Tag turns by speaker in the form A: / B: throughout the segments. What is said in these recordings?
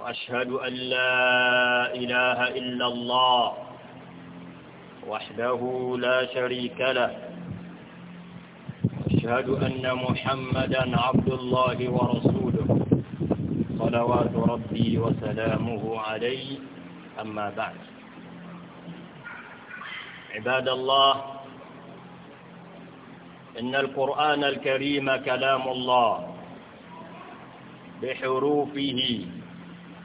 A: وأشهد أن لا إله إلا الله وحده لا شريك له وأشهد أن محمدا عبد الله ورسوله صلوات ربي وسلامه عليه أما بعد عباد الله إن القرآن الكريم كلام الله بحروفه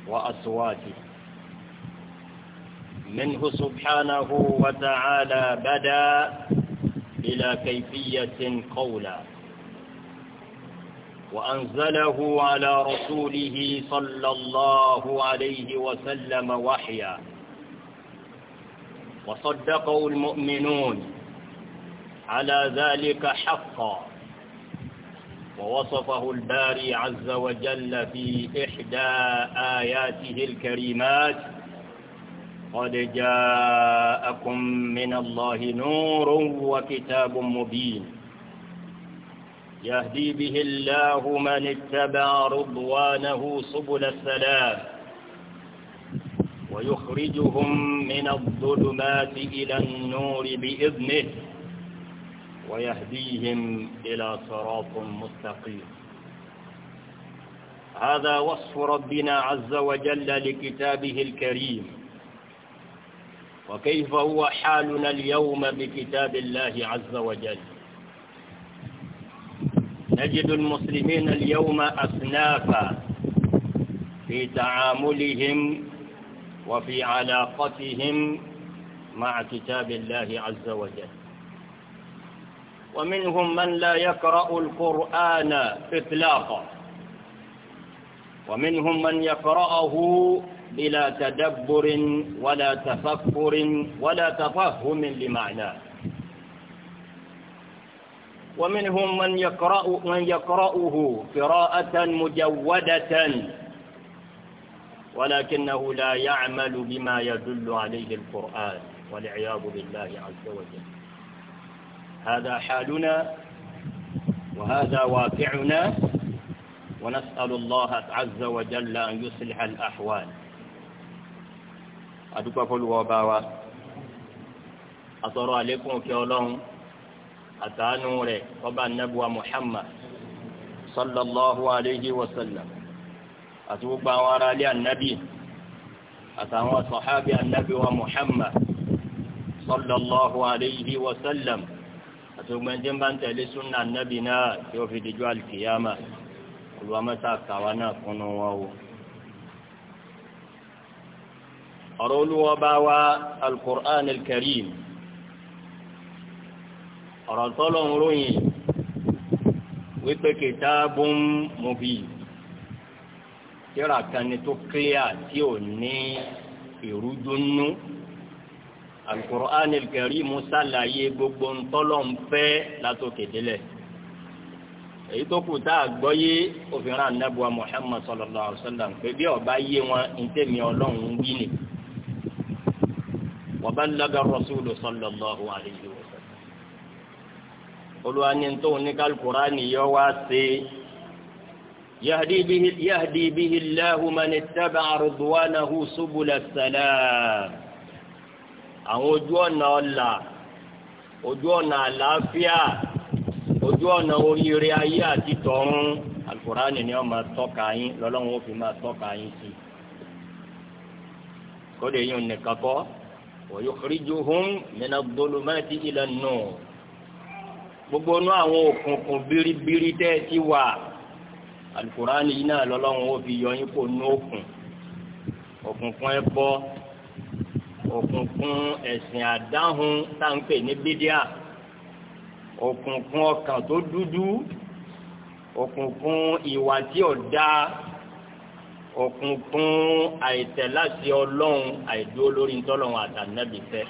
A: وأصواته منه سبحانه وتعالى بدا إلى كيفية قولا وأنزله على رسوله صلى الله عليه وسلم وحيا وصدقه المؤمنون على ذلك حقا ووصفه الباري عز وجل في إحدى آياته الكريمات قد جاءكم من الله نور وكتاب مبين يهدي به الله من اتبع رضوانه سبل السلام ويخرجهم من الظلمات إلى النور بإذنه ويهديهم إلى صراط مستقيم هذا وصف ربنا عز وجل لكتابه الكريم وكيف هو حالنا اليوم بكتاب الله عز وجل نجد المسلمين اليوم أصنافا في تعاملهم وفي علاقتهم مع كتاب الله عز وجل ومنهم من لا يقرأ القرآن إطلاقا ومنهم من يقرأه بلا تدبر ولا تفكر ولا تفهم لمعناه ومنهم من يقرأ من يقرأه قراءة مجودة ولكنه لا يعمل بما يدل عليه القرآن والعياذ بالله عز وجل هذا حالنا وهذا واقعنا ونسأل الله عز وجل أن يصلح الأحوال adúpẹ́ fọlùwọ́ ọba wa àtọ̀rọ̀ àlékún òkè ọlọ́run àtàánú rẹ̀ ọba nẹ́bùwà muhammad sallallahu alayhi wa sallam àti gbogbo àwọn ará ilé ànábì àtàwọn sọ̀hábì ànábì wa muhammad sallallahu alayhi wa sallam àti ogun ẹjẹ́ bá ń tẹ̀lé súnà nẹ́bì náà tí ó fi dijú alìkìyàmà olùwàmẹ́ta kàwa náà kúnnú wọn o. ọ̀rọ̀ olúwọ́ bá wá alukur'an alkarim ọ̀rọ̀ tọ́lọ̀ ń ròyìn wípé kitabun mubin tíra kan ni tó kílíà tí ò ní ìrúdúnú alukur'an الكريم ṣàlàyé gbogbo ntọ́lọ́nfẹ́ látòkè délẹ̀ èyí tó kù tá a gbọ́ yé òfin ra anabuwa muhammad sallallahu alaihi wa sallam pé bí ọba yé wọn ntẹ̀mí ọlọ́run wí ni wa ballaga rasulu sallallahu alaihi wa sallam olùwà ni ntòun ní kálukùránì yọ wá yahdi bihi yahdi bihi allahu man ittaba'a ridwanahu subula salam àwọn ojú ọ̀nà ọ̀la ojú ọ̀nà àlàáfíà ojú ọ̀nà oríire ayé àti tọ̀run alukurani ni wọ́n máa tọ́ka yín lọ́lọ́run ó fi máa tọ́ka yín sí i kóde yín nìkan kọ́ wa yukhrijuhum mina dhulumati ila an-nur gbogbo inú àwọn òkùnkùn biribiri tẹ́ ẹ ti wà alukurani yìí náà lọ́lọ́run ó fi yọ yín kó nú òkùn òkùnkùn ẹ bọ́ òkùnkùn ẹ̀sìn àdáhùn táǹpẹ̀ ní bídíà òkùnkùn ọkàn tó dúdú òkùnkùn ìwà tí ò dáa òkùnkùn àìtẹ̀láṣẹ ọlọ́run àìdúró lórí ntọ́lọ́run àtànẹ́bí fẹ́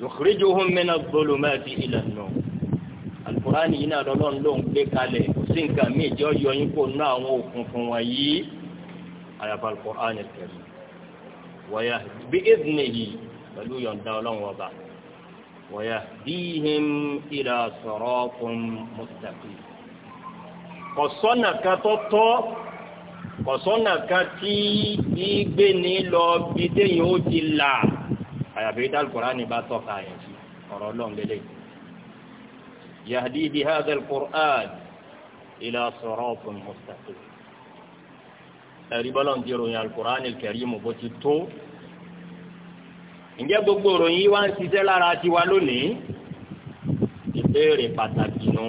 A: yukhrijuhum mina dhulumati ila nur alukurani yìí náà lọ́lọ́run ló ń gbé kalẹ̀ kò sí nǹkan míì jẹ́ ọyọ yín kó ná àwọn òkùnkùn wọ̀nyí àyàfà alukurani karim wa yahdi bí ìdílé yìí pẹ̀lú yọ̀ǹda ọlọ́run ọba wọ̀yà bíhìm ìlà sọ̀rọ̀ fún mustaqim. kọ̀sọ́nà kan tó tọ́ kọ̀sọ́nà kan tí gbígbé ní lọ bí déyìn ó ti là àyàfi dálkùrá ni bá tọ́ka yẹn sí ọ̀rọ̀ ọlọ́run lélẹ̀ yahdi bi hadha al-Qur'an ila siratin mustaqim ẹ̀rí bọ́lọ̀ ń dirò yẹn ǹjẹ́ gbogbo òròyìn yìí wá ń ṣiṣẹ́ lára tiwa lónìí ìbéèrè pàtàkì nu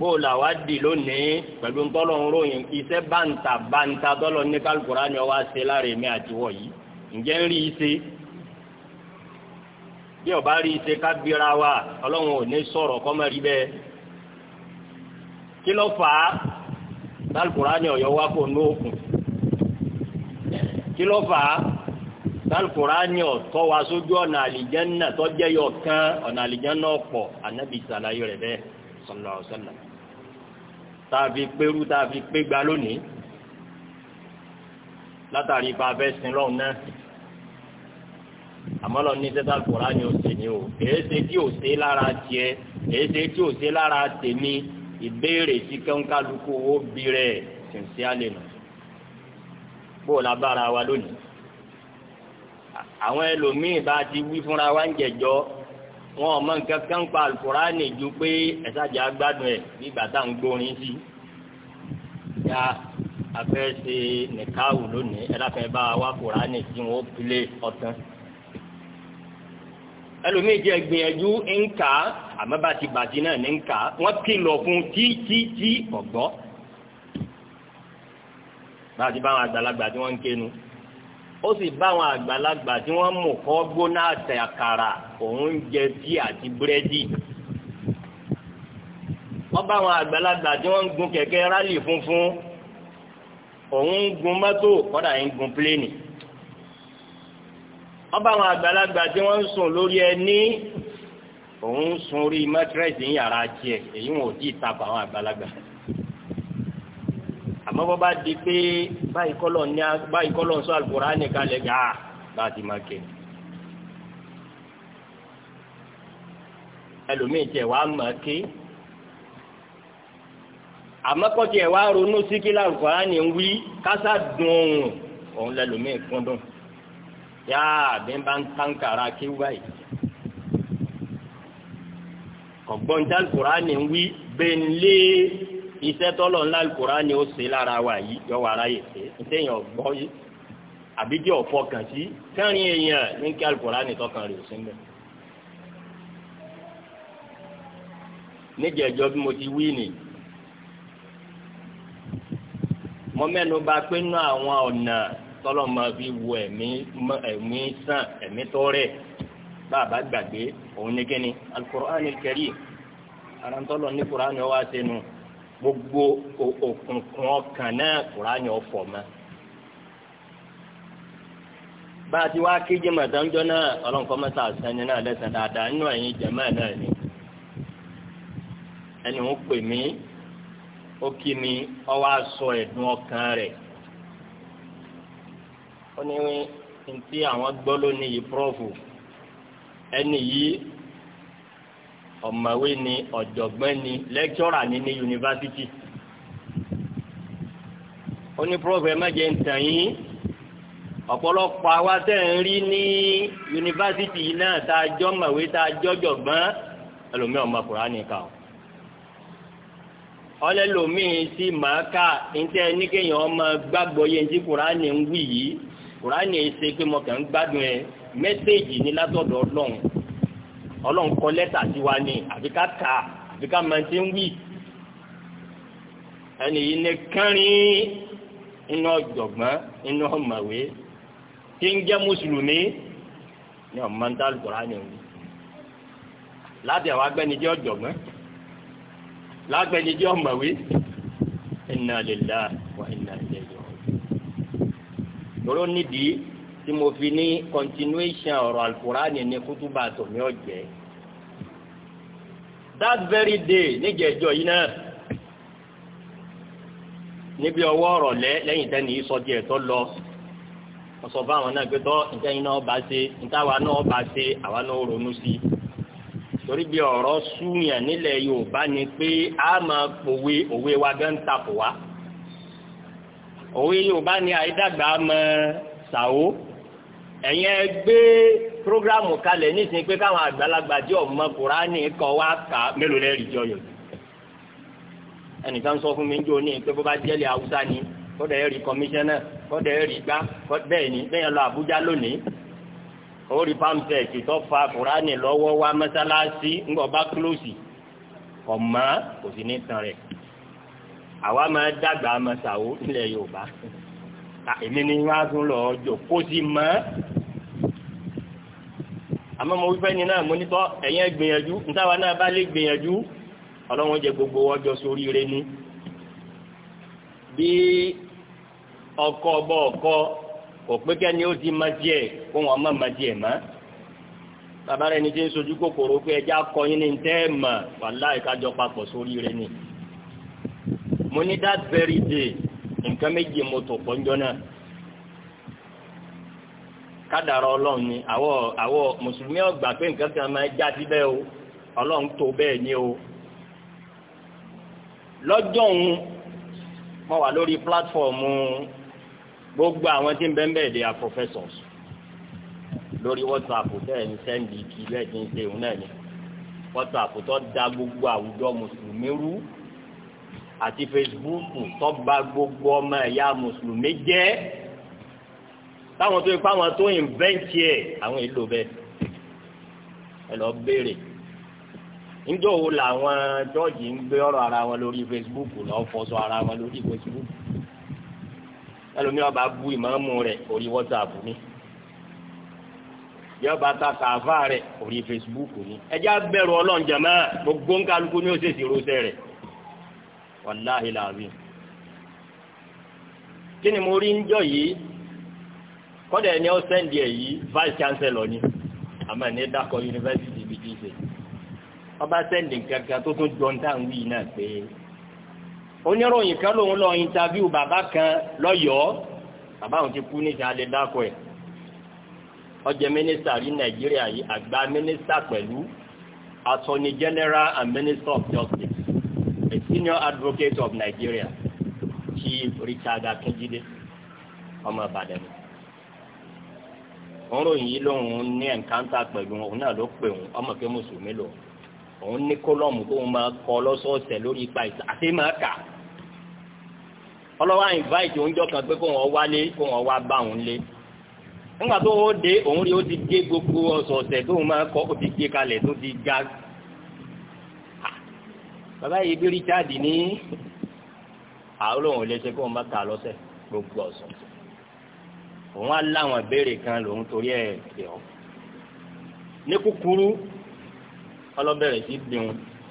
A: bó la wá di lónìí pẹ̀lú ntọ́lọ̀ ròyìn iṣẹ́ báńtà báńtà tọ́lọ̀ ní kálukura ni wọ́n wá ṣe lára èmi àtiwọ̀ yìí ǹjẹ́ ń rí i ṣe bí ọba rí i ṣe ká wa ọlọ́run ò ní sọ̀rọ̀ kọ́ mọ́ rí bẹ́ẹ̀ kí ló fà á kálukura ni ọ̀yọ́ wá kó nú òkun kí ló fà á sálùkùránì ọ̀tọ́ wa sójú ọ̀nà àlìjẹ́nà tó jẹ́ yọ kan ọ̀nà àlìjẹ́nà ọ̀pọ̀ ànábì sàlàyé rẹ̀ bẹ́ẹ̀ sọ̀lọ̀ sọ̀lọ̀ tàbí pérú tàbí pégbá lónìí látàrí ipa abẹ́ sin lọ́hùn náà àmọ́ lọ ní sẹ́tà kùránì òsè ni o èyí ṣe tí ò ṣe lára tiẹ̀ èyí ṣe tí ò lára tèmi ìbéèrè tí kẹ́ńkálukú owó bí rẹ̀ sìnsìn àlè nù bó o lábára wa lónìí àwọn ẹlòmíì bá ti wí fúnra wa ń jẹjọ wọn ò mọ nǹkan kan pa alukurani ju pé ẹ̀sàjà gbádùn ẹ̀ nígbà tá à ń gbórin sí ya afẹ́ ṣe nìkáwù lónìí ẹ̀dáfẹ́ bá wa kurani tí wọ́n pilé ọ̀tán ẹlòmíì jẹ́ gbìyànjú ńkà àmọ́ bá ti bàjẹ́ náà ní ńkà wọ́n kìlọ̀ fún tí tí tí ọ̀gbọ́ bá a ti bá àwọn àgbàlagbà tí wọ́n ń kénu ó sì bá àwọn àgbàlagbà tí wọ́n mú kọ́ gbóná àtẹ àkàrà òun jẹ tí àti búrẹ́dì wọ́n bá àwọn àgbàlagbà tí wọ́n ń gun kẹ̀kẹ́ rálì funfun òun ń gun mọ́tò kọ́dà ń gun pléènì wọ́n bá àwọn àgbàlagbà tí wọ́n ń sùn lórí ẹní òun ń sùn orí mẹ́tírẹ́sì ń yàrá tiẹ̀ èyí wọn ò tí ì tapọ̀ àwọn àgbàlagbà àmọ́ bọ́ bá di pé báyìí kọ́lọ̀ ní báyìí kọ́lọ̀ ń sọ Al-Kùránì kalẹ̀ gà á láti máa kẹ́ ẹlòmíì tẹ̀ wá máa ké àmọ́ kọ́ tiẹ̀ wá ronú sí kí Al-Kùránì wí kásá dùn òun òun lẹ́lòmíì kún dùn bí n bá ń tànkàrà kí wáyìí ọ̀gbọ́n tí Al-Kùránì wí bẹ́ẹ̀ lé iṣẹ́ tọ́lọ̀ ńlá alukóra ni ó ṣe lára wa yìí yọ wàrà yìí ṣe ntẹ̀yìn ọ̀gbọ́ yìí àbí jẹ́ ọ̀fọ́ kàn sí kẹrin èèyàn ní kí alukóra ni tọkàn rẹ̀ ò sí mbẹ́. níjẹ̀jọ́ bí mo ti wí nì mo mẹ́nu bà pé nú àwọn ọ̀nà tọ́lọ̀ máa fi wo ẹ̀mí sàn ẹ̀mí tọ́rẹ̀ bàbá gbàgbé òun ní kíni alukóra ni kẹrí ara ní kóra ni ó wá sẹ́nu. gbogbo òkùnkùn ọkàn náà kùránì ọ̀fọ̀ ma. bá a ti wá kéje màdánjọ́ náà ọlọ́nkọ́ mẹ́ta náà lẹ́sẹ̀ dáadáa nínú ẹ̀yìn jẹ̀mọ́ náà ni ẹni pè mí ó kí mi wá sọ ẹ̀dùn ọkàn rẹ̀ ó ní ntí àwọn gbọ́ lónìí yìí púrọ́fù ẹni yìí ọ̀mọ̀wé ni ọ̀jọ̀gbọ́n ni lẹ́kítọ́rà ni ní yunifásitì ó ní pírọ́fẹ̀ mẹ́jẹ ń tàn yín ọ̀pọ̀lọpọ̀ àwa tẹ̀ ń rí ní yunifásitì yìí náà tá a jọ mọ̀wé tá a jọ jọ̀gbọ́n ẹlòmíì ọmọ Kùránì kà ó ọlẹ́lòmíì sí màákà ntẹ́ ní kéèyàn ọmọ gbàgbọ́ yẹn tí Kùránì ń wí yìí Kùránì ṣe pé mo kàn ń gbádùn ẹ mẹ́sẹ̀gì ní látọ̀dọ̀ Ọlọ́run ọlọ́run kọ lẹ́tà sí wa ni àbí ká ta àbí ká máa ti ń wí ẹni yìí ní kánrin iná ọ̀jọ̀gbọ́n iná ọ̀mọ̀wé tí ń jẹ́ mùsùlùmí ní ọmọ dáàlù kọ́ra ni òun láti àwọn agbẹnijẹ́ ọ̀jọ̀gbọ́n lágbẹnijẹ́ ọ̀mọ̀wé inna lillahi wa inna ilayhi raji'un. lóró nídìí tí mo fi ní continuation ọ̀rọ̀ alukurani ní kútúbà tòmí ọ̀jẹ́ that very day níjẹ̀jọ́ yìí náà níbi ọwọ́ ọ̀rọ̀ lẹ́ lẹ́yìn tẹ́ni yìí sọ díẹ̀ tó lọ wọ́n sọ fáwọn náà pé tọ́ ìtẹ́yìn náà bá ṣe ìtawà náà bá ṣe àwa náà ronú sí i torí bí ọ̀rọ̀ súnyàn nílẹ̀ Yorùbá ni pé a máa pòwe òwe wa gán tapò wa òwe Yorùbá ni àìdàgbà máa ṣàwó ẹ̀yin ẹ gbé programu kalẹ̀ nísìnyí pé káwọn àgbàlagbà tí ọmọ kùránì kọ wá kà mélòó lẹ́rìí jọyọ̀ ẹnìkan sọ fún mi jọ ní pé bó jẹ́lẹ̀ haúsá ni kọ́dà ẹ̀rí kọmíṣánná kọ́dà ẹ̀rí gbá bẹ́ẹ̀ ni bẹ́ẹ̀ lọ àbújá lónìí orí pamphlet tó fa kùránì lọ́wọ́ wá mọ́sálásí ńgbọ̀ bá kílòsì ọ̀mọ́ kò sí ní tan rẹ̀ àwa máa dàgbà mọ́sàwó nílẹ̀ yorùbá èmi ni wọ́n á tún lọ jòkó sí mọ́ ma m wípé ní náà mo nítọ́ ẹ̀yin gbìyànjú nítawà náà bá lè gbìyànjú ọlọ́wọ́n jẹ gbogbo ọjọ́ sórí rẹ ni bí ọkọ bọ ọkọ kò ni kẹ́ni ó ti má díẹ̀ kó wọn má má díẹ̀ má bàbá rẹ ní ti ń sojú kòkòrò pé ní tẹ́ papọ̀ sórí rẹ ni mo ní kádàrá ọlọ́run ni àwọ̀ àwọ̀ mùsùlùmí ọgbà pé nǹkan kan máa já sí bẹ́ẹ̀ o ọlọ́run tó bẹ́ẹ̀ ni o. lọ́jọ́ òun mo wà lórí pílátífọ̀mù gbogbo àwọn tí ń bẹ́ẹ̀ bẹ́ẹ̀ they are professors lórí whatsapp tẹ́ ẹ̀ ń sẹ́ndì kí bẹ́ẹ̀ ti ń ṣe òun náà ni whatsapp tó da gbogbo àwùjọ mùsùlùmí rú àti facebook tó bà gbogbo ọmọ ẹ̀yà mùsùlùmí jẹ́ táwọn tó ipá wọn tó ìnvẹ́ǹtì ẹ̀ àwọn èlò bẹ́ẹ̀ ẹ lọ béèrè níjọ́ wo làwọn jọ́ọ̀jì ń gbé ọ̀rọ̀ ara wọn lórí Facebook lọ́ọ́ fọ́sọ ara wọn lórí Facebook ẹlòmíì ọba bu ìmáàmù rẹ̀ orí WhatsApp mi yọba ta kàáfà rẹ̀ orí Facebook mi ẹjẹ́ abẹ́rù ọlọ́njàmá gbogbo ńkálukú ní oṣèṣì rosẹ̀ rẹ̀ wàláhìláàbí kí ni mo rí ń jọ yìí kọ́dà ẹni ó sẹ́ndì ẹ̀ vice chancellor ni àmọ́ ẹni dákọ̀ yunifásitì ibi tí ọ ṣe ọba sẹ́ndì kankan tó tún jọ ń ń wí náà pé oníròyìn kan lòun lọ intaviu bàbá kan lọ́yọ̀ọ́ bàbá òun ti kú níta lè dákọ̀ ẹ̀ ọjẹ́ mínísítà rí nàìjíríà yìí àgbà mínísítà pẹ̀lú general and minister of justice a senior advocate of Nigeria Chief Richard Akinjide ọmọ Ìbàdàn òun ròyìn yìí lòun ní ẹ̀ńkáńtà pẹ̀lú òun náà ló pè òun ọmọ pé mùsùlùmí lò òun ní kólọ́ọ̀mù tó ń máa kọ lọ́sọ̀ọ̀sẹ̀ lórí ipa ìta àti máa kà ọlọ́wọ́ invite oúnjẹ kan pé kó wọn wálé kó wọn wá bá òun lé nígbà tó ó dé òun rí ó ti gé gbogbo ọ̀sọ̀ọ̀sẹ̀ tó máa kọ́ ó ti gé kalẹ̀ tó ti ga bàbá yìí bí Richard ní àwọn olóhùn ò lè ṣe kó wọn bá kà lọ́sẹ̀ gbogbo ọ̀sọ̀ọ̀sẹ̀ òun á láwọn ìbéèrè kan lòun torí ẹ̀ pè ọ́ ní kúkúrú ọlọ́bẹ̀rẹ̀ sí bìun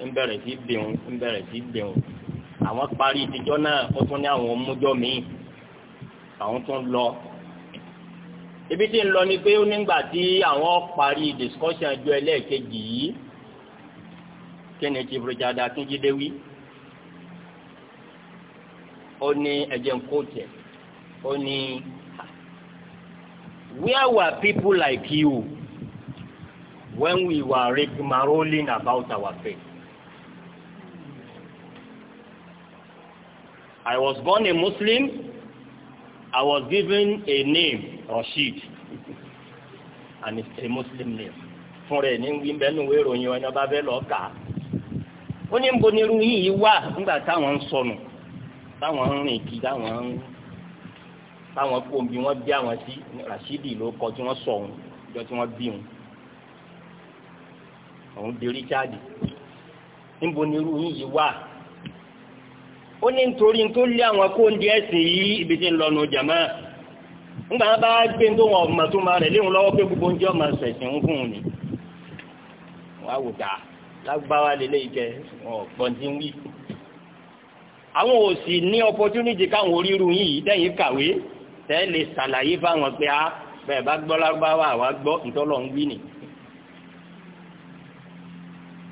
A: ń bẹ̀rẹ̀ sí bìun ń bẹ̀rẹ̀ sí bìun àwọn parí ìtijọ́ náà ó tún ní àwọn mújọ́ míì àwọn tún lọ ibi tí ń lọ ni pé ó nígbà tí àwọn parí discussion ju ẹlẹ́ẹ̀kejì yìí kí ni ti Brigadier Akínjídé wí ó ní ẹ̀jẹ̀ ń kó tẹ̀ ó ní. Where were people like you when we were rigmaroling about our faith? I was born a Muslim. I was given a name, Rashid, and it's a Muslim name. Fún rẹ̀ ní gbígbẹ́nu ìwé ọ̀nà bá bẹ́ẹ̀ lọ kà á. Ó ní ń bo nírú yìí wà nígbà táwọn ń sọnù, táwọn ń rìn kí, táwọn ń táwọn kó omi wọn bí àwọn sí Rashidi ló kọ tí wọ́n sọ òun jọ tí wọ́n bí òun òun di Richard níbo ni irú yín yìí wà ó ní nítorí tó lé àwọn kó ń di ẹ̀sìn yìí ibi tí ń lọ nù jàmá ńgbà bá gbé tó wọn ọmọ tó máa rẹ̀ léwọn lọ́wọ́ pé gbogbo oúnjẹ ọmọ ṣẹ̀ṣẹ̀ ń fún un ni wọ́n á wò dá lágbára lélẹ́ ìkẹ́ wọn ọ̀pọ̀ ti ń wí àwọn ò sì ní opportunity káwọn oríru yìí dẹ́yìn kàwé tẹ́ lè ṣàlàyé fáwọn pé a ah, bẹ́ẹ̀ bá gbọ́ lárúbáwá àwa gbọ́ ìtọ́lọ̀ ń wí nì.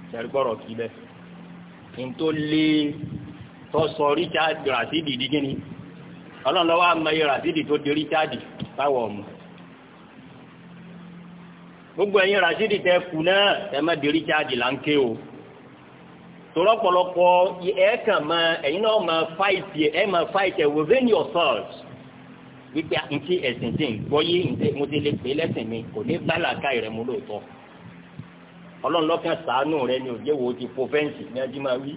A: sẹ́rìkọ́rọ̀ kí bẹ́ẹ̀ kí n tó lé tọ́sọ Richard Rasidi di kíni ọlọ́run lọ́wọ́ amáyé Rasidi tó di Richard báwọ̀ mu gbogbo ẹ̀yin Rasidi tẹ kù náà ẹ má di Richard là ń ké o tòrọ́pọ̀lọpọ̀ ẹ̀ẹ́kàn máa ẹ̀yin náà máa fight ẹ̀ máa fight ẹ̀ within yourselves wípé ntí ẹ̀sìn tí ń gbọ́ yé ntí mo ti lè pè é lẹ́sìn mi kò ní bá làákà rẹ̀ mú lóòótọ́ ọlọ́run lọ́kàn sàánù rẹ̀ ni òjé wo ti fo fẹ́ǹsì ní ẹjí máa wí.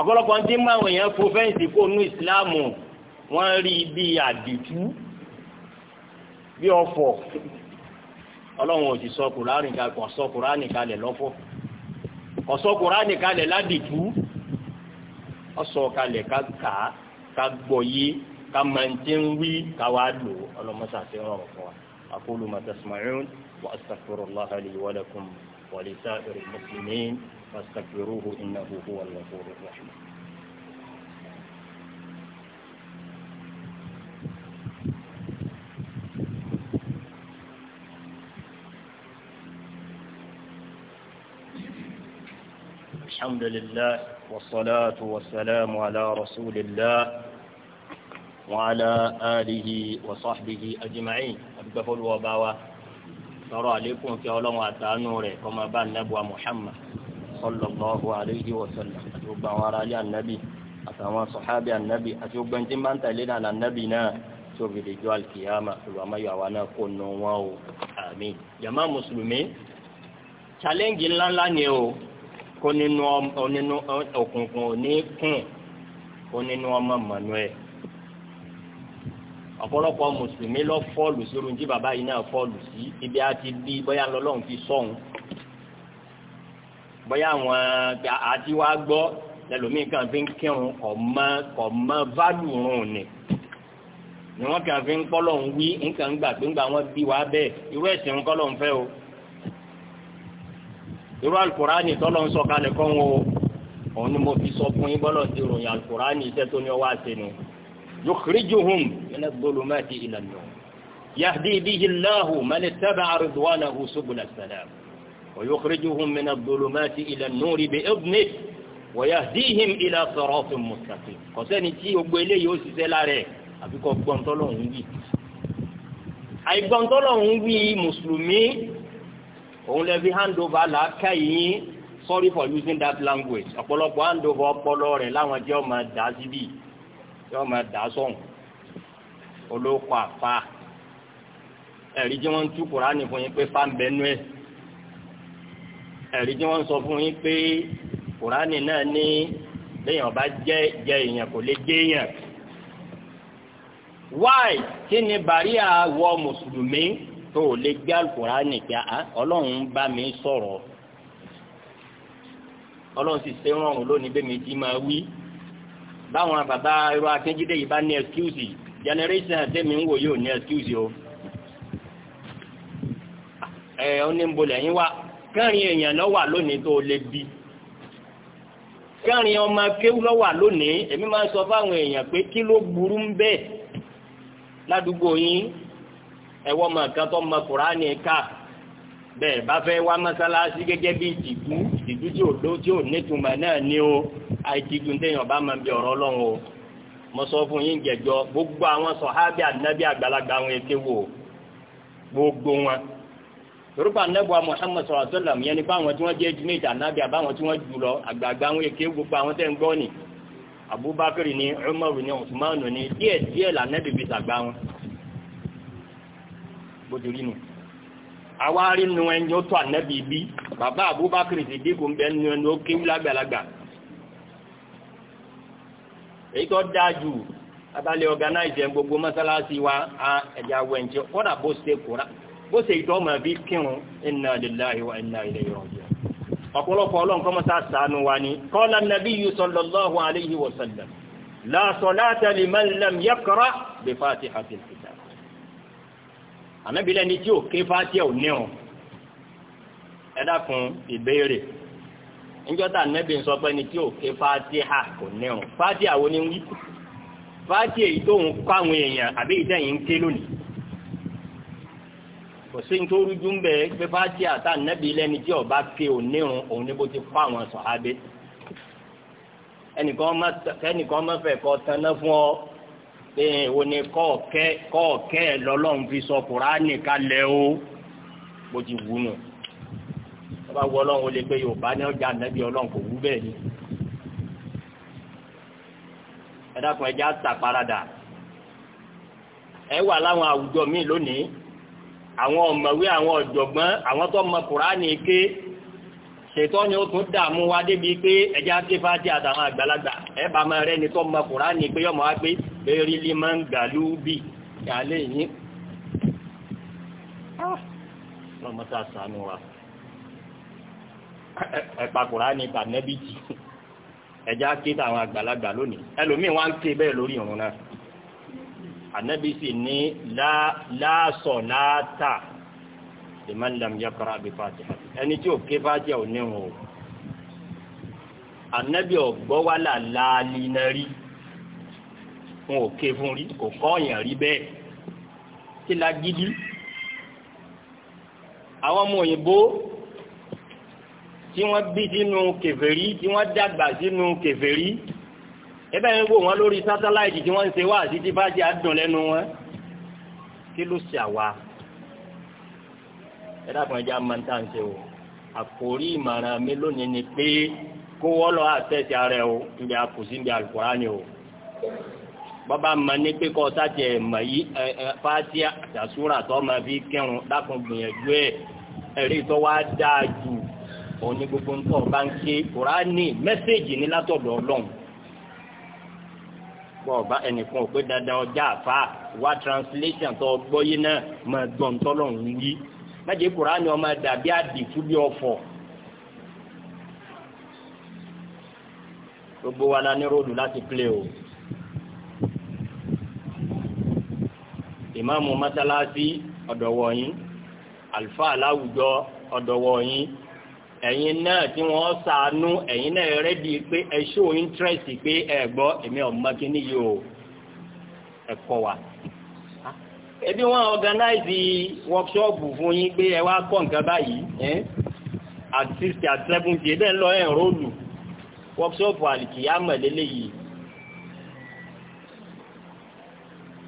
A: ọ̀pọ̀lọpọ̀ ntí máa wọ̀ yẹn fo fẹ́ǹsì kó nu ìsìláàmù wọ́n rí i bí àdìtú bí ọ̀fọ̀ ọlọ́run ò sì sọ kùránì kalẹ̀ kò sọ kùránì kalẹ̀ lọ́fọ̀ kò sọ kùránì kalẹ̀ ládìtú ọ̀sọ̀ kalẹ̀ ká kà á ká gbọ́ yé ká máa ń tí ń wí káwá lò ọlọ́mọṣà ti rọrùn fún wa aqulu ma tasma'un wa astaghfirullaha li wa lakum wa li sa'iril muslimin fastaghfiruhu innahu huwal ghafurur rahim. الحمد لله والصلاة والسلام على رسول الله وعلى آله وصحبه أجمعين أبقفوا الوباوة ترى عليكم في علم وأتانور كما بان نبوة محمد صلى الله عليه وسلم أتوبا ورالي النبي أتوبا صحابي النبي أتوبا جمعا تلين على النبي نا شوف لجوى القيامة وما يوانا كن واو آمين جماعة مسلمين challenge ńláńlá ni o kó nínú òkùnkùn ní kùn kó nínú ọmọ manuel ọ̀pọ̀lọpọ̀ mùsùlùmí lọ fọ́ọ̀lù sí orun tí bàbá yìí náà fọ́ọ̀lù sí ibi a ti bí bóyá lọ́lọ́run fi sọ̀hún bóyá àwọn àti wá gbọ́ lẹ́lòmíì kan fi ń kírun kò mọ kò mọ válù rùn ni ni wọ́n kàn fi ń kọ́lọ̀ ń wí nǹkan gbà pé ńgbà wọ́n bí wá bẹ́ẹ̀ irú ẹ̀sìn ń kọ́lọ̀ ń fẹ́ o irú alukurani tọ́lọ̀ ń sọ kalẹ̀ kọ́ wọn o òun ni mo fi sọ fún yín bọ́lọ̀ ti ròyìn alukurani iṣẹ́ tó ní ọwọ́ àṣẹ nù. يخرجهم من الظلمات إلى النور يهدي به الله من اتبع رضوانه سبل السلام ويخرجهم من الظلمات إلى النور بإذنه ويهديهم إلى صراط مستقيم قسني تي اوgbele yo si se lare àbí ko gbon tọlọ́hun wí ai gbon tọlọ́hun wí muslimi òun lè fi hand over la kai sorry for using that language ọ̀pọ̀lọpọ̀ hand over ọpọlọ rẹ̀ láwọn jẹ́ ó máa dá síbí yóò máa dà sọ̀hún olóko àfa ẹ̀rí tí wọ́n tú kùránì fún yín pé fáńbẹ́nú ẹ̀ ẹ̀rí tí wọ́n sọ fún yín pé kùránì náà ní léèyàn bá jẹ́ jẹ́ èèyàn kò lè jẹ́ èèyàn wáì kí ni bàríà wọ mùsùlùmí tó lè gbé alukùránì kí a ọlọ́run bá mi sọ̀rọ̀ ọlọ́run sì ṣe lónìí bẹ́ẹ̀ mi ti máa wí báwọn bàbá irú akíndídé yìí bá ní ẹ̀skúùsì generation àtẹ́mi ń wò yóò ní ẹ̀skúùsì o ẹ̀ ọ́ ní bolẹ̀ yín wá kẹrin èèyàn lọ́wà lónìí tó lè bí kẹrin ọmọ kéwú lọ́wà lónìí èmi máa ń sọ fáwọn èèyàn pé kí ló burú ń bẹ́ẹ̀ ládùúgbò yín ẹ̀wọ́ ọmọ kan tó mọ kùránì ká bẹ́ẹ̀ bá fẹ́ wá mọ́sálásí gẹ́gẹ́ bí ìtìjú ìtìjú tí ò ló tí náà ni o. àìtìjú téèyàn bá máa ń bí ọ̀rọ̀ ọlọ́run o mo sọ fún yín jẹjọ gbogbo àwọn sọ̀hábì ànábì àgbàlagbà àwọn èké wò gbogbo wọn torúkọ anábọ̀ Muhammad sọ̀rọ̀ sọ́làm yẹn ni báwọn tí wọ́n àbáwọn tí wọ́n jù lọ àgbààgbà àwọn èké gbogbo àwọn Abubakar ni Umar ni Usman ni fi sàgbà wọn àwárí nu ẹni Abubakar ti ń nu ẹni ó èyí tó dáa jù abalẹ̀ ọ̀gánáìsì ẹ̀ gbogbo mọ́sálásí wa ẹ̀dá wẹ̀ǹtì kọ́dà bó ṣe kóra bó ṣe ìtọ́ mọ̀ bí kírun inna lillahi wa inna ilayhi raji'un ọ̀pọ̀lọpọ̀ ọlọ́run kọ́ mọ́sá sànú wa ni qala nabiyyu sallallahu alayhi wa sallam la salata liman lam yaqra bi fatihatil níjọ́ta nẹ́bí ń sọ pé ni tí ò ké fatiha kò nírun fatiha wo ni wí fatiha èyí tó ń kọ́ àwọn èèyàn àbí ìtẹ̀yìn ń ké lónìí kò sí ní tó rújú ń bẹ pé fatiha tá nẹ́bí lẹ́ni tí ọba ké ò nírun òun ni bó ti kọ́ àwọn sọ̀hábé ẹnìkan má fẹ́ kọ́ taná fún ọ pé wo ni kọ́ọ̀kẹ́ lọ́lọ́run fi sọ kùránì kalẹ̀ o bó ti wù nù bàbá wọ ọlọ́run ó lè pé yorùbá ní ọjà ànábì ọlọ́run kò wú bẹ́ẹ̀ ni. ẹ dákun ẹ jẹ́ àtàparadà ẹ wà láwọn àwùjọ míì lónìí àwọn ọ̀mọ̀wé àwọn ọ̀jọ̀gbọ́n àwọn tó mọ kùránì ké ṣètọ́ ni ó tún dààmú wa débi pé ẹja tí fàájì àtàwọn àgbàlagbà ẹ bá máa rẹ́ni tó mọ kùránì pé yọmọ wá pé bẹ́ẹ̀rí lè máa ń gàlú bì kálẹ̀ yín. Ah! lọ́mọ tá a sànú wa ẹ̀pà Kùránì ìgbà nẹ́bí jì ẹ̀já ké táwọn àgbàlagbà lónìí ẹlòmíì wá ń ké bẹ́ẹ̀ lórí ìrun náà ànẹ́bí sì ní láàsọ̀ láàtà liman lam yaqra bi fatiha ẹni tí ò ké fàájà ò ní wọn o ànẹ́bí ọ̀gbọ́ wà láàlì náà rí wọn ò ké fún rí kò kọ́ọ̀yàn rí bẹ́ẹ̀ kí la gidi àwọn ọmọ òyìnbó tí wọ́n bí sínú kèfèrí tí wọ́n dàgbà sínú kèfèrí ẹbẹ́ yẹn wò wọ́n lórí sátáláìtì tí wọ́n ń ṣe wá àti tí fájì àdùn lẹ́nu wọn kí ló ṣe àwa ẹ dákun ẹja máa ń tà o àkórí ìmọ̀ràn mi lónìí ni pé kó wọ́n lọ àtẹ̀sí ara ẹ o ibi àkùsí ibi àlùkùránì o bàbá ma ní pé kọ́ sáti ẹ̀ mọ̀ yí ẹ ẹ fátíà àtàsúrà tó ma fi kírun dákun gbìyànjú ẹ ẹ̀rí tó wá dáa jù òun ní gbogbo ń tọ́ bá ń ké kùránì mẹ́sẹ̀gì ní látọ̀dọ̀ ọlọ́run bọ́ ọba ẹnìkan ò pé dandan ọjà àfa wá translation tó gbọ́yé náà máa gbọ́n tọ́lọ́run yí mẹ́jẹ̀ kùránì ọmọ dàbí àdìtú bí ọ̀fọ̀ gbogbo wa la ní róòlù láti plé o ìmáàmù mọ́sálásí ọ̀dọ̀wọ̀ yín àlùfáà láwùjọ ọ̀dọ̀wọ̀ yín ẹ̀yin náà tí wọ́n sànú ẹ̀yin náà rẹ́dí pé ẹ show interest pé ẹ gbọ́ èmi ò mọ kíní yìí o ẹ kọ́ wa. ẹbí wọn organize workshop fún yín pé ẹ wá kọ́ nǹkan báyìí at sixty at seventy ẹ bẹ́ẹ̀ lọ ẹ̀ róòlù workshop àlìkìyàmọ̀ lélẹ́yìí.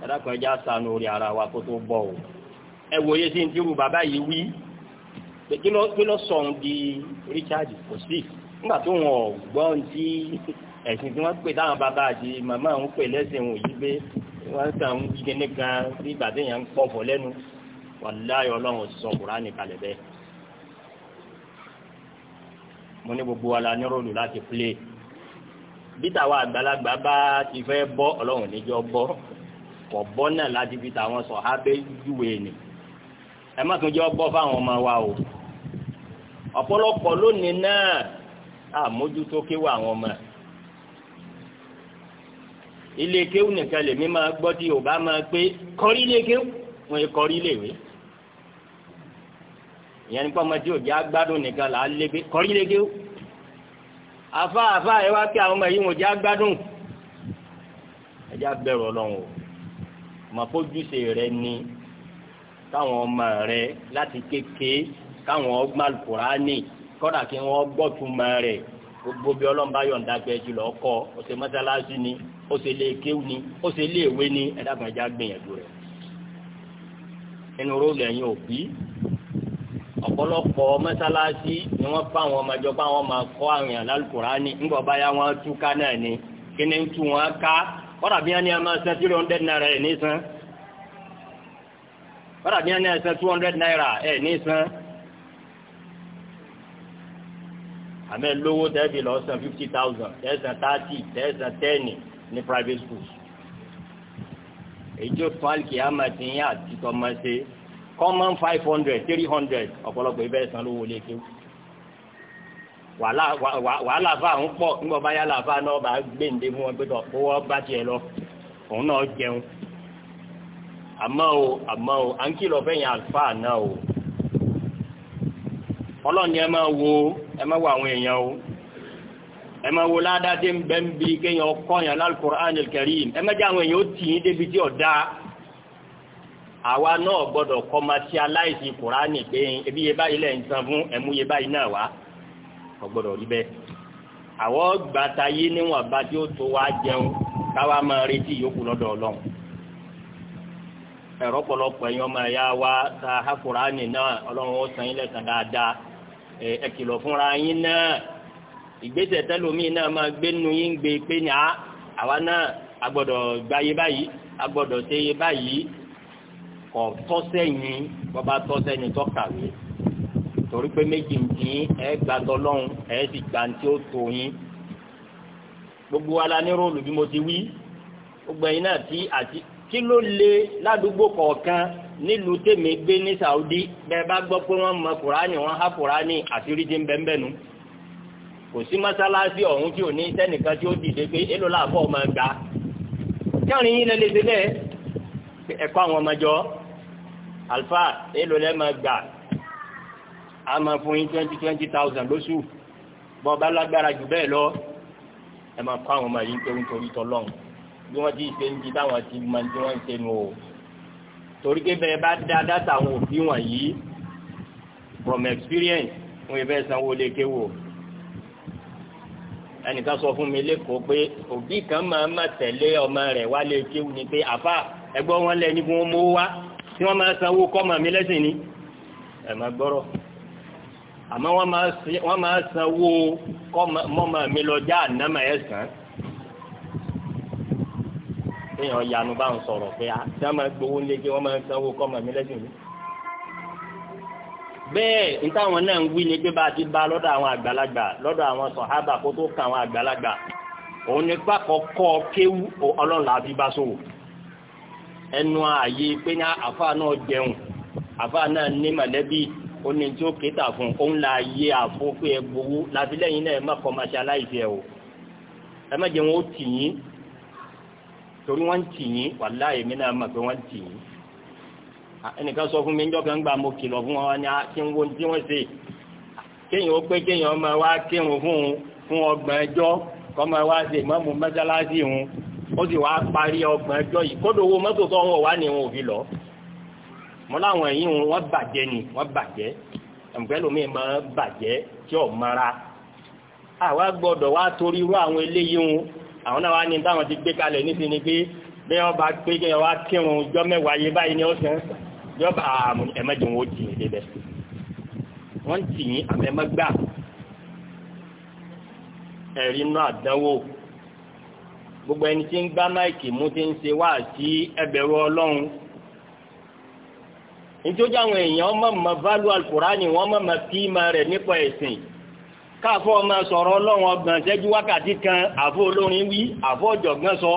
A: ẹ̀dá kan ẹja sànú orí ara wa kó tó bọ̀ o ẹ wòye sí ní tírú bàbá yìí wí pé kí ló sọ òun di Richard kò sí nígbà tó wọn ò gbọ́ ohun tí ẹ̀sìn tí wọ́n pè táwọn bàbá àti màmá òun pè lẹ́sìn òun yìí pé wọ́n sàn ń kíni kan bí bàbá yẹn ń pọ̀fọ̀ lẹ́nu wàláyé ọlọ́run sọ kùránì kalẹ̀ bẹ́ẹ̀ mo ní gbogbo wa la ní rólù láti plé bí tàwa àgbàlagbà bá ti fẹ́ bọ́ ọlọ́run níjọ́ bọ́ kò bọ́ náà láti fi tàwọn sọ̀hábẹ́ júwe ni ẹ má tún jẹ́ ọ bọ́ fáwọn ọmọ wa o ọ̀pọ̀lọpọ̀ lónìí náà àmójútó kéwà àwọn ọmọ ilé kéwù nìkan lèmi máa gbọ́ tí yorùbá máa pé kọrí ilé kéwù wọn yẹ kọrí ilé ìwé ìyẹn nípa ọmọ tí òjá gbádùn nìkan là á lé pé kọrí ilé kéwù àfa àfa ẹ wá kí àwọn ọmọ yìí wọn já gbádùn ẹjá bẹ̀rù ọlọ́run o màpójúṣe rẹ ni táwọn ọmọ rẹ láti kékeré káwọn ọgbà alukurani kọ́dà kí wọ́n gbọ́ gbogbo bí ọlọ́mọba yọ̀ǹda gbẹ jù lọ ni ó ṣe kéwù ni ó ṣe ìwé ni ẹ̀dàgbọ̀n ẹja gbìyànjú rẹ̀ inú róòlù ẹ̀yìn òbí ọ̀pọ̀lọpọ̀ mọ́sálásí ni àwọn ọmọdé ni kí ni ń tú wọn ká kọ́dà bí wọn ní ẹ̀ma wọn naira ní àmì lówó tẹ́ẹ̀bì lọ san fifty thousand tẹ́ẹ̀sán thirty tẹ́ẹ̀sán ten ní private schools. èjò fún alikiyama ti yín àti tọmọ ṣe common five hundred three hundred ọ̀pọ̀lọpọ̀ ibẹ̀ san lówó lékè wàhálà fa àwọn pọ̀ nígbà bá yàrá fa náà bá gbéǹde fún wọn pé tọ̀ kó wọ́n bá tiẹ̀ lọ òun náà jẹun àmọ́ o àmọ́ o à ń kìlọ̀ fẹ́yìn àlùfáà náà o. ọlọ́ni ẹ máa wo ẹ máa wo àwọn èèyàn o ẹ máa wo ń bẹ ń bi kéèyàn ọkọ yàn lálùkùránì karim ẹ máa jẹ́ àwọn èèyàn ó tì í débi tí ọ̀dá àwa náà gbọ́dọ̀ kùránì pé ebi báyìí fún ẹ̀mú báyìí náà wá kò gbọ́dọ̀ rí bẹ́ẹ̀ àwọn gbàtà níwọ̀n bá tí ó tó wá jẹun káwa máa retí wa ta kùránì náà ọlọ́run ó dáadáa ẹ kìlọ̀ fúnra yín náà ìgbésẹ̀ tẹ́lómi náà máa gbé nu yín gbé pé ní àwa náà a gbọ́dọ̀ gbáyé báyìí a gbọ́dọ̀ ṣeyé báyìí kọ̀ tọ́sẹ̀yìn bọ́ba tọ́sẹ̀yìn tọ́kàwé torí pé méjì ń dín ẹ gbàtọ́ lọ́hùn ẹ sì gbà tí ó tó yín gbogbo wa la ní róòlù bí mo ti wí gbogbo ẹ̀yin náà tí àti kí ló le ládùúgbò kọ̀ọ̀kan nílùú tèmi gbé ní Saudi bẹ́ẹ̀ bá gbọ́ pé wọ́n mọ kùránì wọ́n há kùránì àṣírí ti ń bẹ́ẹ̀ bẹ́ẹ̀ nu kò sí mọ́sálásí ọ̀hún tí ò ní sẹ́nìkan tí ó dìde pé èló làbọ̀ ọmọ gbà kẹrin yín lẹ́lẹ́ sílẹ̀ ẹ̀kọ́ àwọn ọmọjọ́ alfa èló lẹ́mọ gbà a máa fún yín twenty twenty thousand lóṣù bọ́ọ̀ bá lágbára jù bẹ́ẹ̀ lọ ẹ máa kọ́ àwọn ọmọ yìí nítorí torí tọ́lọ́run bí wọ́n ti ṣe ń di táwọn ti máa ń tí wọ́n ń ṣe nù o torí pé bẹ́ẹ̀ bá da dátà àwọn òbí wọ̀nyí from experience wọn yẹ fẹ́ sanwó lé kéwò ẹnìkan sọ fún mi lẹ́kọ̀ọ́ pé òbí kan máa ma tẹ̀lé ọmọ rẹ̀ wá lé kéwò ni pé àfa ẹgbọ́n wọn lẹ ní kí wọ́n mú wá tí wọ́n máa sanwó kọ́mọ mi lẹ́sìn ni ẹ̀ máa gbọ́rọ̀ àmọ́ wọ́n máa sanwó kọ́mọ mi lọ já ànámà ẹ̀ sàn kéèyàn yanu bá ń sọ̀rọ̀ pé àti àwọn gbowó léke wọ́n máa ń sanwó kọ́ mọ̀ mí lẹ́sìn mi. bẹ́ẹ̀ nítawọn náà ń wí ni pé bá a ti bá lọ́dọ̀ àwọn àgbàlagbà lọ́dọ̀ àwọn sọ̀hábà kó tó kàn àwọn àgbàlagbà òun ni pàkọ́kọ́ kéwú ọlọ́run àfi bá sòwò ẹnu ààyè pé ní àfa náà jẹun àfa náà ní mọ̀lẹ́bí ó ní tí ó kéta fún òun là yé àfọ́fẹ́ gbowó làbílẹ̀yìn náà ẹ má kọ́ máa ṣe aláìsẹ̀ o ẹ má jẹun ó tì yín torí wọ́n ń tì yín wàláhì èmi náà mọ̀ pé wọ́n ń tì yín ẹnìkan sọ fún mi níjọ́ kan gbà mo kìlọ̀ fún wọn ni kí n wo tí wọ́n ṣe kéèyàn ó pé kéèyàn ọmọ wa kírun fún fún ọgbọ̀n ẹjọ́ kọ́mọ wa ṣe mọ́mú mọ́sálásí òun ó sì wáá parí ọgbọ̀n ẹjọ́ yìí kódò owó mọ́tò tó wọn wà ní wọn ò fi lọ mọ́ láwọn ẹ̀yìn wọn bàjẹ́ ni wọ́n bàjẹ́ ẹ̀mùpẹ́lómi máa bàjẹ́ tí ò mara àwa gbọ́dọ̀ wá torí irú àwọn eléyìí wọn àwọn náà wá ní táwọn ti gbé kalẹ̀ níṣẹ́ ni pé bí wọ́n bá pé kí wọ́n kírun ọjọ́ mẹ́wàá yé báyìí ni ó sẹ́ jọba àmú ẹ̀mẹ́jọ wọn ó tì í débẹ̀ wọ́n tì í àmẹ́mẹ́gbà ẹ̀rí náà dánwò gbogbo ẹni tí ń gbá máìkì mú ti ń ṣe wá sí ẹbẹ̀rù ọlọ́run nítorí àwọn èèyàn mọ̀mọ́ válù alukùránì wọ́n mọ̀mọ́ fíìmà rẹ̀ nípa ẹ̀sìn káàfọ́ ọmọ sọ̀rọ̀ ọlọ́run ọgbọ̀n ṣẹ́jú wákàtí kan àfọ́ olórin wí àfọ́ ọ̀jọ̀gbọ́n sọ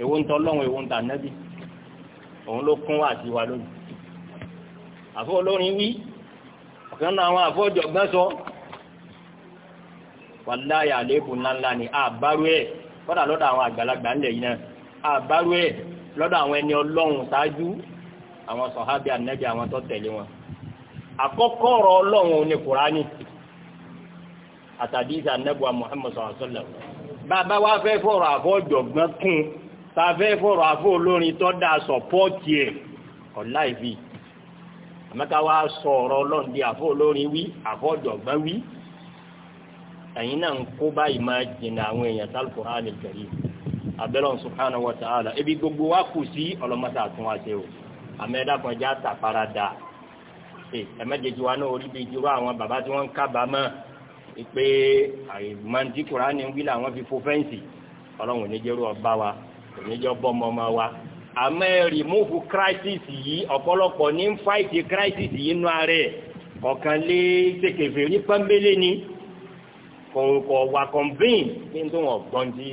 A: èwo ń tọ́ ọlọ́run èwo ń tà nẹ́bí òun ló kún wá sí wa lónìí àfọ́ olórin wí ọ̀kan náà àwọn àfọ́ ọ̀jọ̀gbọ́n sọ wàláyà àléébù ńláńlá ni àbárú ẹ̀ kọ́dà lọ́dọ̀ àwọn àgbàlagbà ńlẹ̀ yìí náà àbárú ẹ̀ lọ́dọ̀ àwọn ẹni ọlọ́run ṣáájú àwọn sọ̀hábì ànẹ́bí àwọn tó tẹ̀lé wọn àkọ́kọ́ ọ̀rọ̀ ọlọ́run ò ní Kùránì àtàdísà nẹ́bùwà Muhammad sallallahu alaihi wasallam wa fẹ́ fọ̀rọ̀ àfọ́ jọ̀gbọ́n kún ta fẹ́ fọ̀rọ̀ àfọ́ olórin tó dá sọ̀pọ́ọ̀tì ẹ̀ kọ̀ láìfi àmẹ́ka wa sọ̀rọ̀ ọlọ́run di àfọ́ olórin wí àfọ́ jọ̀gbọ́n wí ẹ̀yin náà ń kó báyìí máa jìnnà àwọn èèyàn sálùkùránì kẹrì abẹ́lọ́n subhanahu wa ebi gbogbo wa kù sí ọlọ́mọta àtúnwá ṣe o àmẹ́dá kan já tàparadà ẹ̀mẹ́jẹ̀jì wa náà orí bíi jùlọ àwọn pé àìmọ̀ǹdí kùránì ń wí làwọn fi fo fẹ́ǹsì ọlọ́run oníjẹ́rú ọba wa oníjẹ́ bọ́mọ ọmọ wa àmọ́ rìmúfù crisis yìí ọ̀pọ̀lọpọ̀ ní ń fáìtì crisis yìí nú ààrẹ ọ̀kan lé ṣèkèfèrè ní pọ́nbélé ni kò wà convene pé tó wọn gbọ́n tí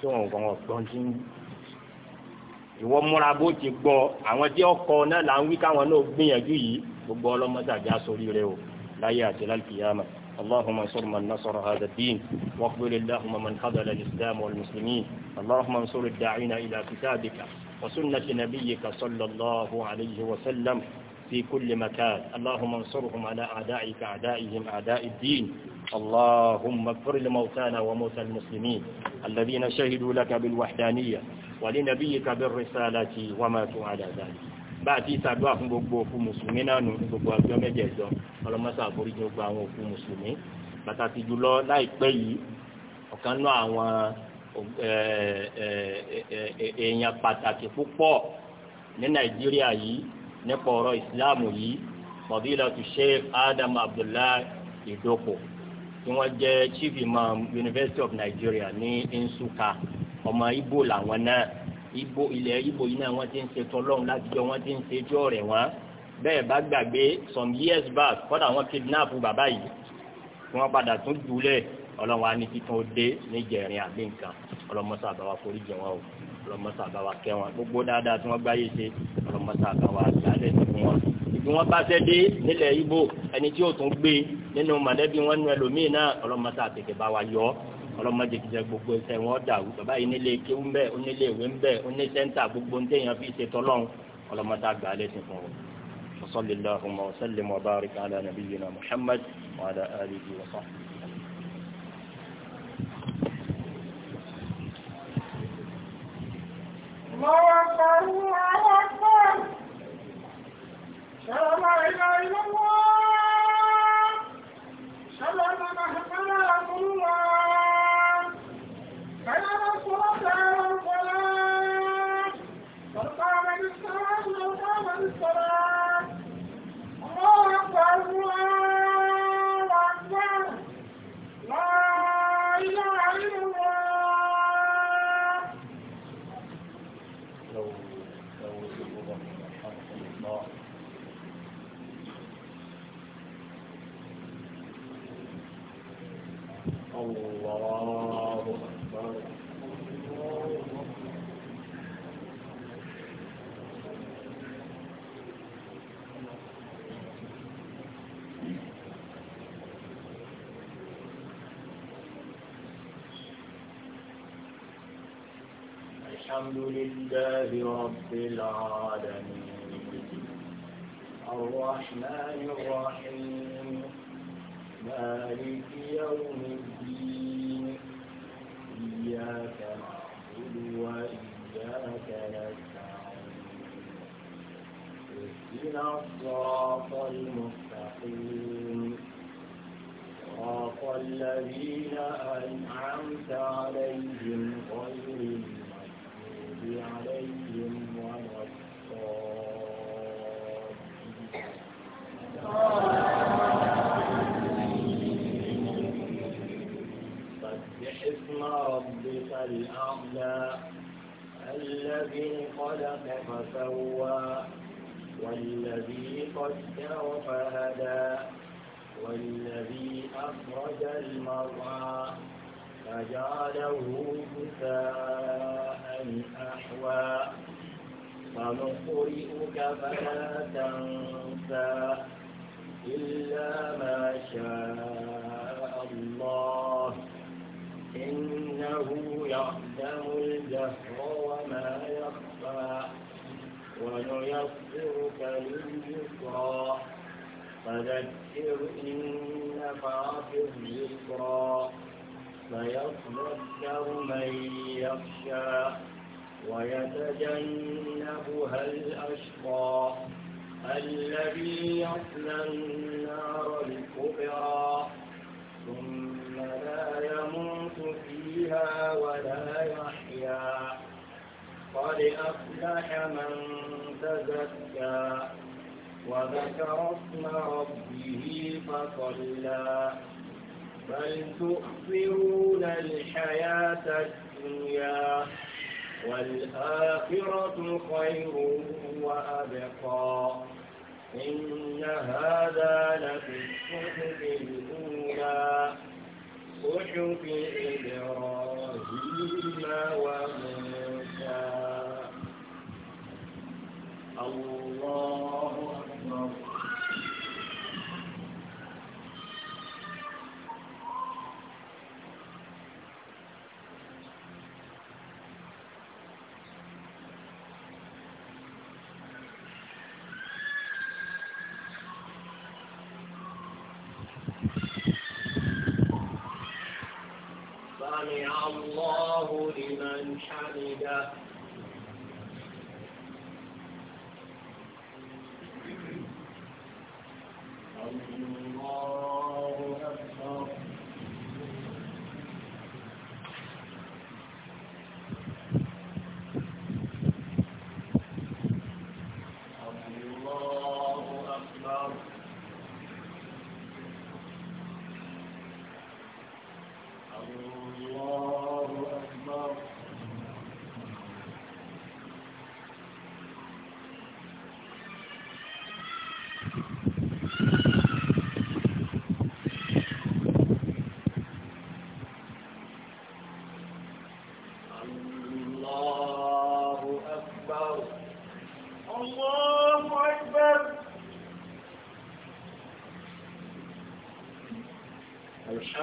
A: tó wọn kàn wọ́n gbọ́n tí ìwọ múra bó ti gbọ́ àwọn tí ọkọ náà là ń wí káwọn náà gbìyànjú yìí gbogbo ọlọ́mọdàjà sórí rẹ o láyé àti lálùkìyàmà. اللهم انصر من نصر هذا الدين واقبل اللهم من خذل الإسلام والمسلمين اللهم انصر الداعين إلى كتابك وسنة نبيك صلى الله عليه وسلم في كل مكان اللهم انصرهم على أعدائك أعدائهم أعداء الدين اللهم اغفر لموتانا وموتى المسلمين الذين شهدوا لك بالوحدانية ولنبيك بالرسالة وماتوا على ذلك bá àti ìsàdúrà fún gbogbo òkú mùsùlùmí náà nù ní gbogbo ọjọ́ mẹ́jẹ̀ẹ̀jọ ọlọmọsà àforíjì gbogbo àwọn òkú mùsùlùmí pàtàkì jùlọ láìpẹ́ yìí ọ̀kan náà àwọn èèyàn pàtàkì púpọ̀ ní nàìjíríà yìí nípa ọ̀rọ̀ ìsìláàmù yìí fadilatu sheikh adam Abdullah idoko tí wọ́n jẹ́ chief imam university of nigeria ní nsukka ọmọ ibo làwọn náà ibo ilẹ̀ ibo yìí náà wọ́n ti ń ṣe tọ́lọ́run látijọ́ wọ́n ti ń ṣe jọ́ rẹ̀ wọ́n bẹ́ẹ̀ bá gbàgbé some years back kọ́dà wọ́n kidnap bàbá yìí wọ́n padà tún dúlẹ̀ ọlọ́run á ní títún ó dé níjẹ̀rin àbí nǹkan ọlọ́mọṣà àbáwá forí jẹ wọn o ọlọ́mọṣà àbáwá kẹ́ wọn gbogbo dáadáa tí wọ́n gbáyé ṣe ọlọ́mọṣà àbáwá yálẹ̀ ní fún wọn. ìbí wọn bá ṣe dé nílẹ̀ ibo ẹni tí ó tún gbé nínú mọ̀lẹ́bí wọn nú ẹlòmíín náà ọlọ́mọṣà àtẹ̀tẹ̀ bá wa yọ ọlọ́mọdé ti sẹ gbogbo ẹsẹ̀ wọn dàrú bàbá yìí nílé kéwú ńbẹ onílé ìwé ńbẹ oní sẹ́ńtà gbogbo ń téèyàn fi ṣe tọ́lọ́run ọlọ́mọdé àgbà lẹ́sìn fún wọn. وصلى اللهم وسلم وبارك على نبينا محمد وعلى آله وصحبه
B: مالك يوم الدين إياك نعبد وإياك نستعين الصراط المستقيم صراط الذين أنعمت عليهم غير المكتوب عليهم ولا الضالين الذي خلق فسوى والذي قدر فهدى والذي أخرج المرعى فجعله كساء أحوى فنقرئك فلا تنسى إلا ما شاء الله إنه يعلم الجهر وما يخفى ونيسرك لليسرى فذكر إن نفعت الذكرى فيصدر من يخشى ويتجنبها الأشقى الذي يصلى النار الكبرى ولا يحيا قد أفلح من تزكى وذكر اسم ربه فصلى بل تؤثرون الحياة الدنيا والآخرة خير وأبقى إن هذا لفي الصحف الأولى صحف إبراهيم وموسى الله سمع الله لمن حمده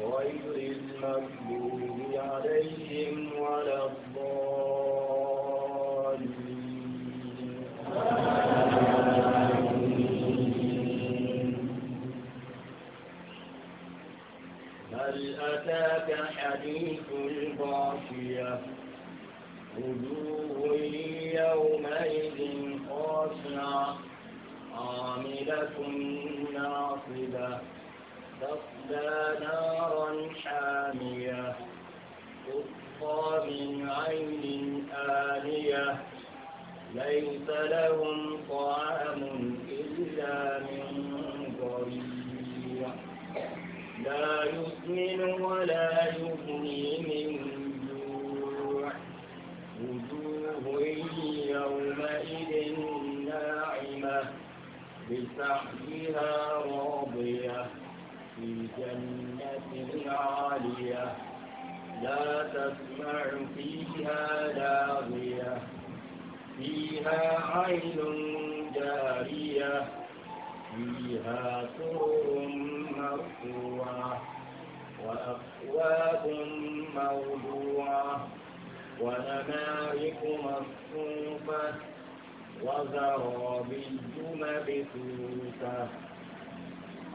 B: غير المغضوب عليهم ولا الضالين هل أتاك حديث الغاشية وجوه يومئذ خاشعة عاملة ناصبة تصلى نارا حامية تصفى من عين آنية ليس لهم طعام إلا من ضريع لا يسمن ولا يغني من جوع وجوه يومئذ ناعمة بسحرها راضية في جنة عالية لا تسمع فيها لاغية فيها عين جارية فيها سرر مرفوعة وأكواب موضوعة ونمارق مصفوفة وزرابي مبثوثة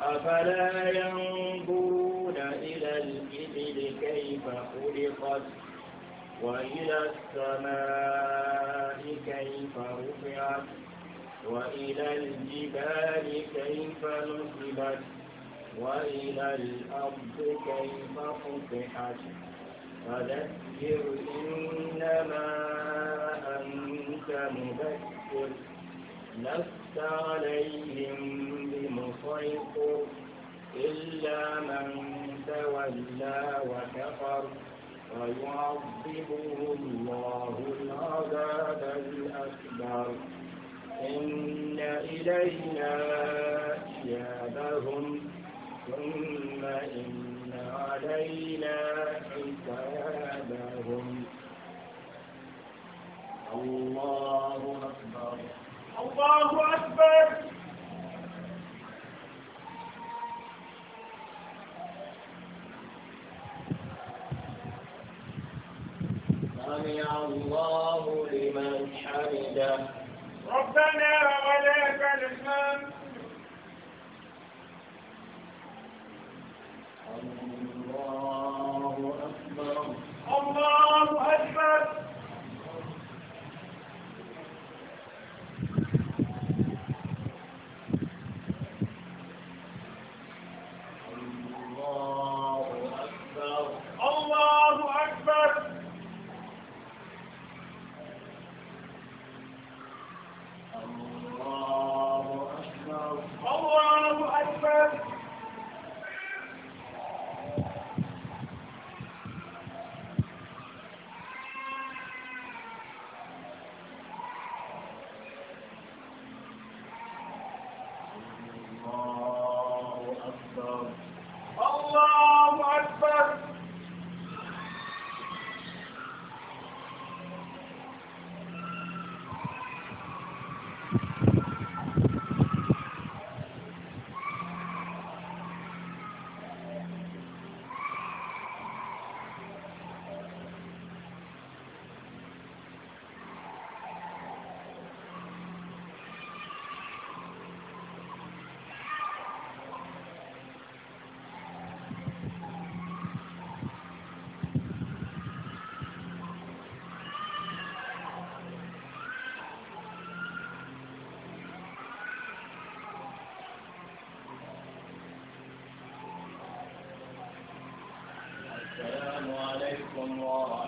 B: أفلا ينظرون إلى الإبل كيف خلقت وإلى السماء كيف رفعت وإلى الجبال كيف نصبت وإلى الأرض كيف فتحت فذكر إنما أنت مذكر لست عليهم بمسيطر إلا من تولى وكفر فيعذبه الله العذاب الأكبر إن إلينا إيابهم ثم إن علينا حسابهم الله أكبر الله أكبر سمع الله لمن حمده ربنا ولك الحمد الله